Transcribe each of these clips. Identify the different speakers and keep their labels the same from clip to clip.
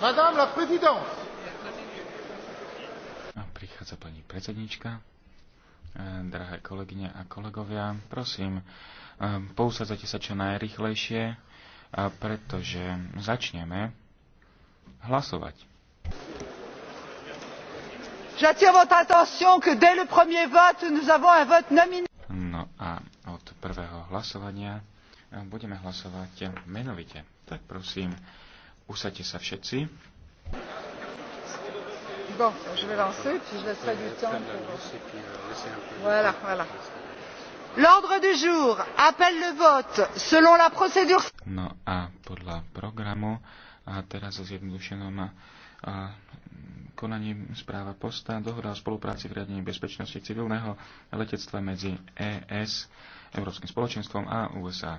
Speaker 1: Madame la présidente. Prichádza pani predsednička. E, drahé kolegyne a kolegovia, prosím, e, pousadzajte sa čo najrychlejšie, e, pretože začneme hlasovať. J'attire votre attention que dès le premier vote, nous avons un vote nominal. No a od prvého hlasovania budeme hlasovať menovite. Tak prosím, Usaďte sa všetci. Bon, je vais lancer, puis je laisserai du temps Voilà, voilà. L'ordre du jour appelle le vote selon la procédure... No a podľa programu, a teraz o zjednodušenom a, konaním správa posta dohoda o spolupráci v riadení bezpečnosti civilného letectva medzi ES, Európskym spoločenstvom a USA.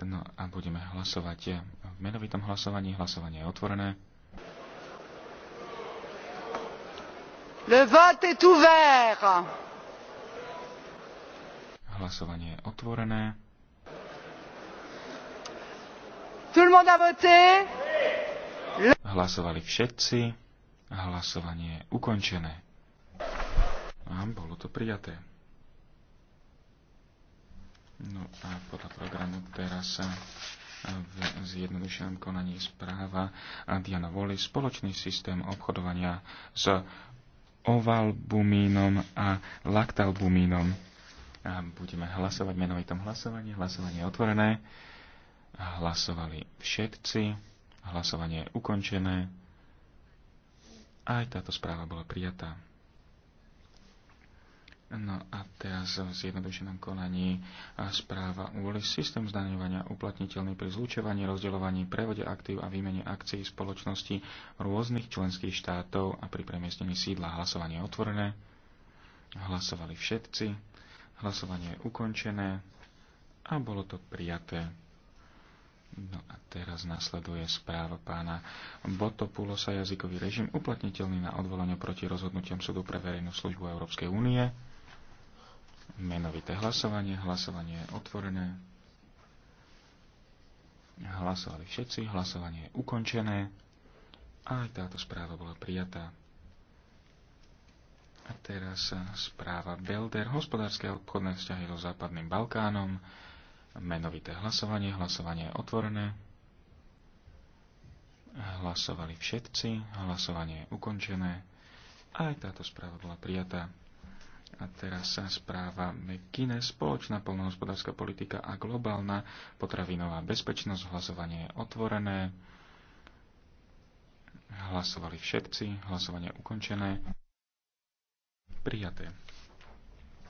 Speaker 1: No a budeme hlasovať v menovitom hlasovaní. Hlasovanie je otvorené. Le vote est ouvert. Hlasovanie je otvorené. Tout le monde a voté? Hlasovali všetci. Hlasovanie je ukončené. A bolo to prijaté. No a podľa programu teraz sa e, v zjednodušenom konaní správa Diana Voli spoločný systém obchodovania s ovalbumínom a laktalbumínom. A budeme hlasovať menovitom hlasovaní. Hlasovanie je otvorené. Hlasovali všetci. Hlasovanie je ukončené. Aj táto správa bola prijatá. No a teraz v zjednodušenom konaní správa úli systém zdaňovania uplatniteľný pri zlučovaní, rozdeľovaní, prevode aktív a výmene akcií spoločnosti rôznych členských štátov a pri premiestnení sídla hlasovanie je otvorené. Hlasovali všetci. Hlasovanie je ukončené a bolo to prijaté. No a teraz nasleduje správa pána Botopulosa jazykový režim uplatniteľný na odvolanie proti rozhodnutiam súdu pre verejnú službu Európskej únie menovité hlasovanie. Hlasovanie je otvorené. Hlasovali všetci, hlasovanie je ukončené a aj táto správa bola prijatá. A teraz správa Belder, hospodárske a obchodné vzťahy so Západným Balkánom, menovité hlasovanie, hlasovanie je otvorené. Hlasovali všetci, hlasovanie je ukončené a aj táto správa bola prijatá. A teraz sa správa McKinney, spoločná polnohospodárska politika a globálna potravinová bezpečnosť. Hlasovanie je otvorené. Hlasovali všetci. Hlasovanie je ukončené. Prijaté.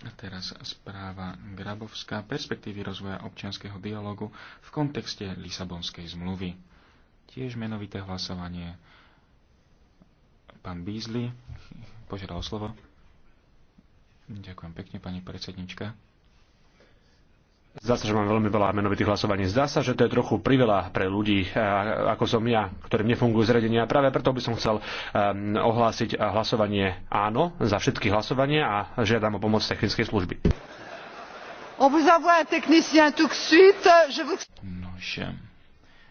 Speaker 1: A teraz správa Grabovská. Perspektívy rozvoja občianskeho dialogu v kontexte Lisabonskej zmluvy. Tiež menovité hlasovanie. Pán Bízli požiadal slovo. Ďakujem pekne, pani predsednička. Zdá sa, že mám veľmi veľa menovitých hlasovaní. Zdá sa, že to je trochu priveľa pre ľudí, eh, ako som ja, ktorým nefungujú zredenia. Práve preto by som chcel eh, ohlásiť hlasovanie áno za všetky hlasovanie a žiadam o pomoc technickej služby. On vous envoie un technicien tout de suite. Je vous...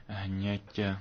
Speaker 1: hneď